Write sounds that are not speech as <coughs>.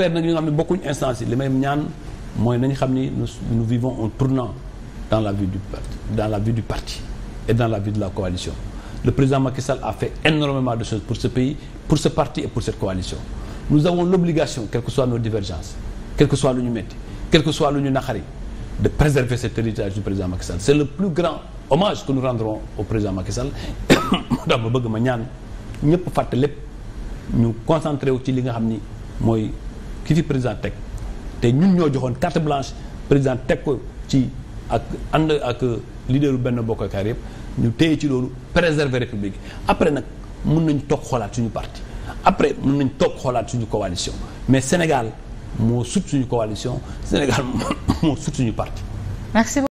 j'espère nag ñu nga xam ne bokkuñ instance yi li xam ni nous vivons un tournant dans la vie du parti dans la vie du parti et dans la vie de la coalition le président Macky Sall a fait énormément de choses pour ce pays pour ce parti et pour cette coalition nous avons l'obligation quelles que soient nos divergences quel que soit lu ñu metti quel que soit lu ñu naqari de préserver cet héritage du président Macky Sall c'est le plus grand hommage que nous rendrons au président Macky Sall <coughs> moo tax ma bëgg ma ñaan ñëpp fàtte lépp ñu concentré wu li nga xam ni mooy ki fi président teg te ñun ñoo joxoon carte blanche président teg ko ci ak ànd ak leaderu benn bokk yaakaar yëpp ñu téye ci loolu préserver république après nag mun nañ toog xoolaat suñu parti après mun nañ toog xoolaat suñu coalition mais Sénégal moo sut suñu coalition Sénégal <laughs> moo sut suñu parti.